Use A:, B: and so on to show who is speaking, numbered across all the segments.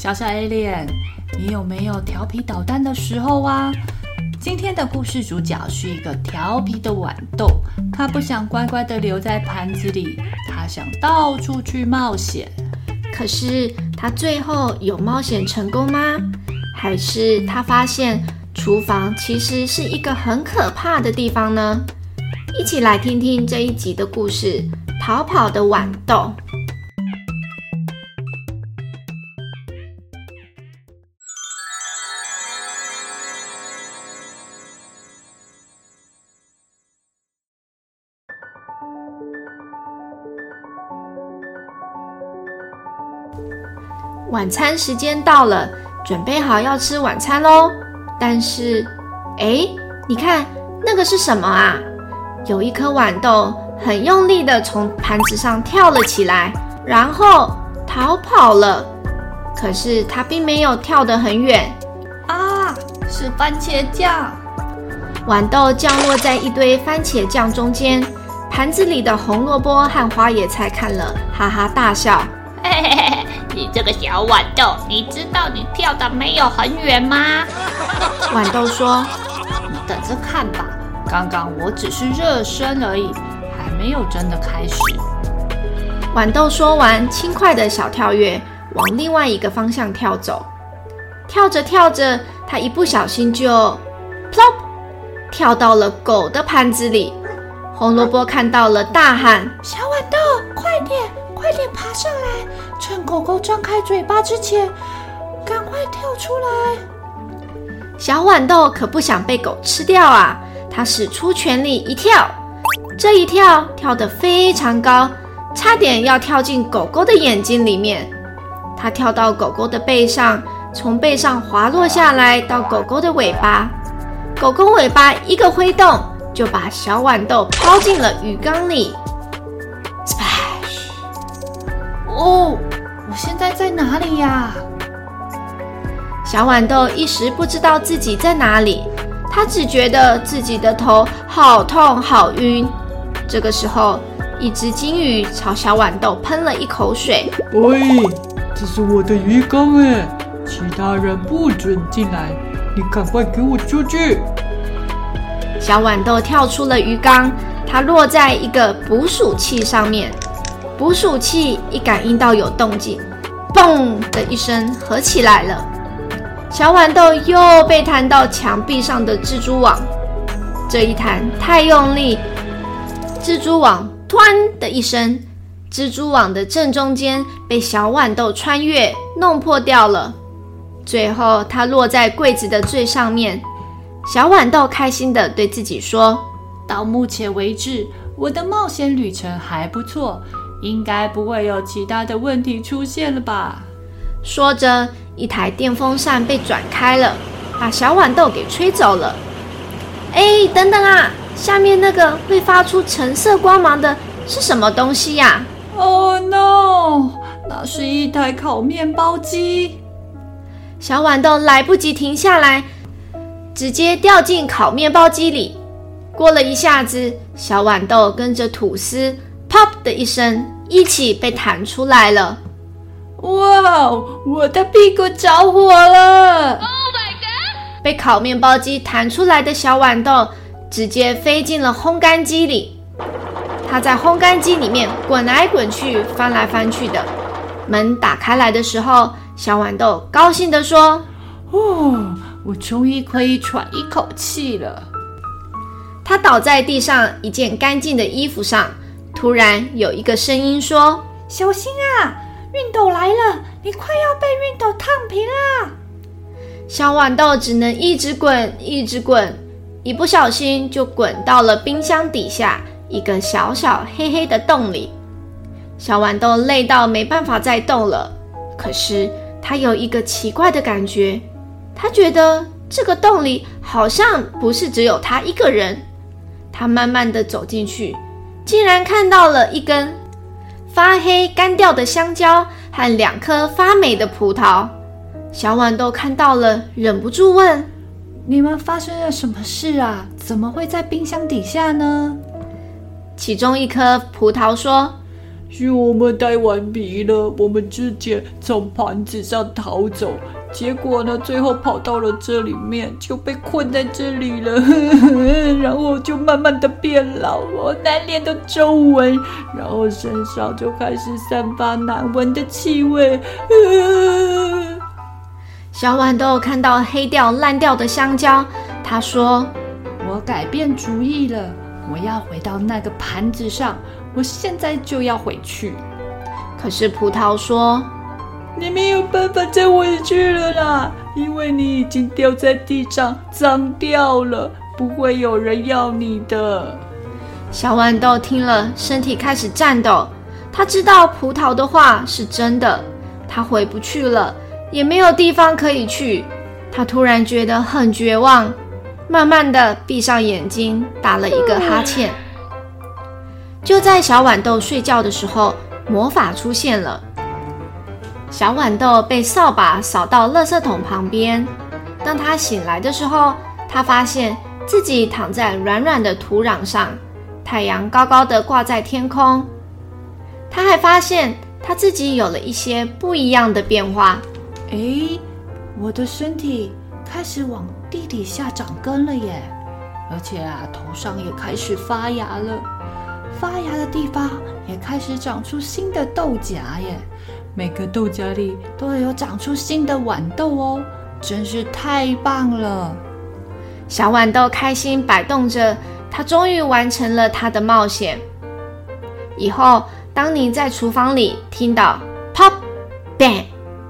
A: 小小 Alien，你有沒有調皮搗蛋的時候啊？今天的故事主角是一個調皮的豌豆，他不想乖乖地留在盤子裡，他想到處去冒
B: 險。可是他最後有冒險成功嗎？還是他發現廚房其實是一個很可怕的地方呢？一起來聽聽這一集的故事：逃跑的豌豆。晚餐時間到了，準備好要吃晚餐咯。但是，哎，你看那個是什麼啊？有一顆豌豆很用力地從盤子上跳了起來，然後逃跑了。可是它並沒有跳得很遠。啊，是番茄醬！豌豆降落在一堆番茄醬中間，盤子裡的紅蘿蔔和花椰菜看了哈哈大笑。
A: 嘿嘿嘿，你這個小豌豆，你知道你跳的沒有很遠嗎？豌豆說：“你等着看吧，剛剛我只是熱
B: 身而已，還沒有真的開始。”豌豆說完，輕快的小跳躍，往另外一個方向跳走。跳着跳着，它一不小心就，plop，跳到了狗的盤子裡。紅蘿蔔看到了大喊，大
A: 喊：“小豌豆，快點！”快點爬上來！趁狗狗張開嘴巴之前，趕快跳出來！
B: 小豌豆可不想被狗吃掉啊！它使出全力一跳，這一跳跳得非常高，差點要跳進狗狗的眼睛裡面。它跳到狗狗的背上，從背上滑落下來，到狗狗的尾巴。狗狗尾巴一個揮動，就把小豌豆拋進了魚缸裡。哦，我現在在哪裡呀？小豌豆一時不知道自己在哪裡，他只覺得自己的頭好痛、好暈。這個時候，一隻金魚朝小豌豆噴了一口水。
A: 喂，這是我的魚缸哎，其他人不准進來，
B: 你趕快給我出去！小豌豆跳出了魚缸，它落在一個捕鼠器上面。捕鼠器一感應到有動靜，嘣的一聲合起來了。小豌豆又被彈到牆壁上的蜘蛛網。這一彈太用力，蜘蛛網“吞”的一聲，蜘蛛網的正中間被小豌豆穿越，弄破掉了。最後，它落在櫃子的最上面。小豌豆開心地對自己說：“到目前
A: 為止，我的冒險旅程還不錯。”應該不會有其他的問
B: 題出現了吧？說着，一台電風扇被轉開了，把小豌豆給吹走了。哎，等等啊！下面那個會發出橙色光芒的是什麼東西呀？Oh no！那是一台烤麵包機。小豌豆來不及停下來，直接掉進烤麵包機裡。過了一下子，小豌豆跟着吐司。啪的一聲，一起被彈出來了。哇，wow, 我的屁股着火了！Oh my God my 被烤麵包機彈出來的小豌豆，直接飛進了烘乾機裡。它在烘乾機裡面滾來滾去，翻來翻去的。門打開來的時候，小豌豆高興地說：“哦，我終於可以喘一口氣了。”它倒在地上一件乾淨的衣服上。突然有一個聲音說：“小心啊，熨斗來了！你快要被熨斗燙平啦！”小豌豆只能一直滾，一直滾，一不小心就滾到了冰箱底下一個小小黑黑的洞裡。小豌豆累到沒辦法再動了，可是他有一個奇怪的感覺，他覺得這個洞裡好像不是只有他一個人。他慢慢的走進去。竟然看到了一根發黑乾掉的香蕉和兩顆發霉的葡萄，小豌豆看到了，忍不住問：“你們發生了什麼事啊？怎麼會在冰箱底下呢？”
A: 其中一顆葡萄說：“是我們太頑皮了，我們之前從盤子上逃走。”結果呢？最後跑到了這裡面，就被困在這裡了。呵呵，然後就慢慢的變老，
B: 我滿臉的皺紋，然後身上就開始散發難聞的氣味。呵呵，小豌豆看到黑掉爛掉的香蕉，他說：“我改變主意了，我要
A: 回到那個盤子上，我現在就要回去。”可是葡萄說。你沒有辦法再回去了啦，因為你已經掉
B: 在地上，髒掉了，不會有人要你的。小豌豆聽了，身體開始顫抖。他知道葡萄的話是真的，他回不去了，也沒有地方可以去。他突然覺得很絕望，慢慢的閉上眼睛，打了一個哈欠。嗯。就在小豌豆睡覺的時候，魔法出現了。小豌豆被掃把掃到垃圾桶旁邊。當他醒來的時候，他發現自己躺在軟軟的土壤上，太陽高高地掛在天空。他還發現他自己有了一些不一樣的變化。哎，我的身體開
A: 始往地底下長根了耶！而且啊，頭上也開始發芽了，發芽的地方也開始長出新的豆莢耶。每個豆莢裡都有長出新的豌豆哦，真是太
B: 棒了！小豌豆開心擺動着，它終於完成了它的冒險。以後，當你在廚房裡聽到 pop、bang、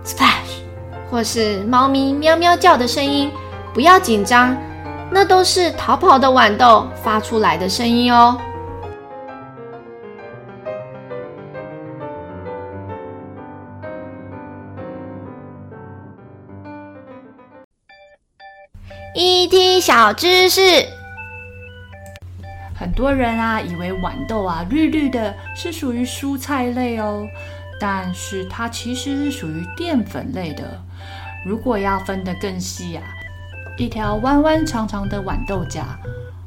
B: splash，或是貓咪喵喵叫的聲音，不要緊張，那都是逃跑的豌豆發出來的聲音哦。
A: ET 小知識，很多人啊以為豌豆啊綠綠的，是屬於蔬菜類哦。但是它其實是屬於澱粉類的。如果要分得更細啊，一條彎彎長長的豌豆莢，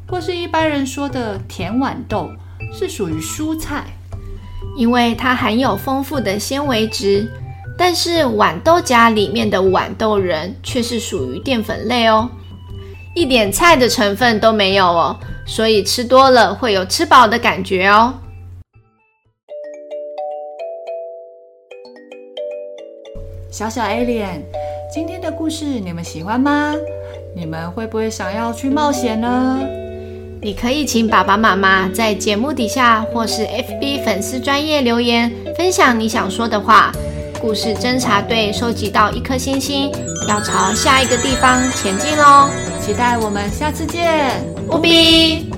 A: 或是一般人說的甜豌
B: 豆，是屬於蔬菜，因為它含有豐富的纖維質。但是豌豆莢裡面的豌豆仁，卻是屬於澱粉類哦。一點菜的成分都沒有哦，所以吃多了會有吃飽的感覺哦。
A: 小小 Alien，今天的故事你們喜歡嗎？
B: 你們會不會想要去冒險呢？你可以請爸爸媽媽在節目底下或是 FB 粉絲專頁留言分享你想說的話。故事偵查隊收集到一顆星星，要朝下一個地方前進哦。期待我們下次見，不比。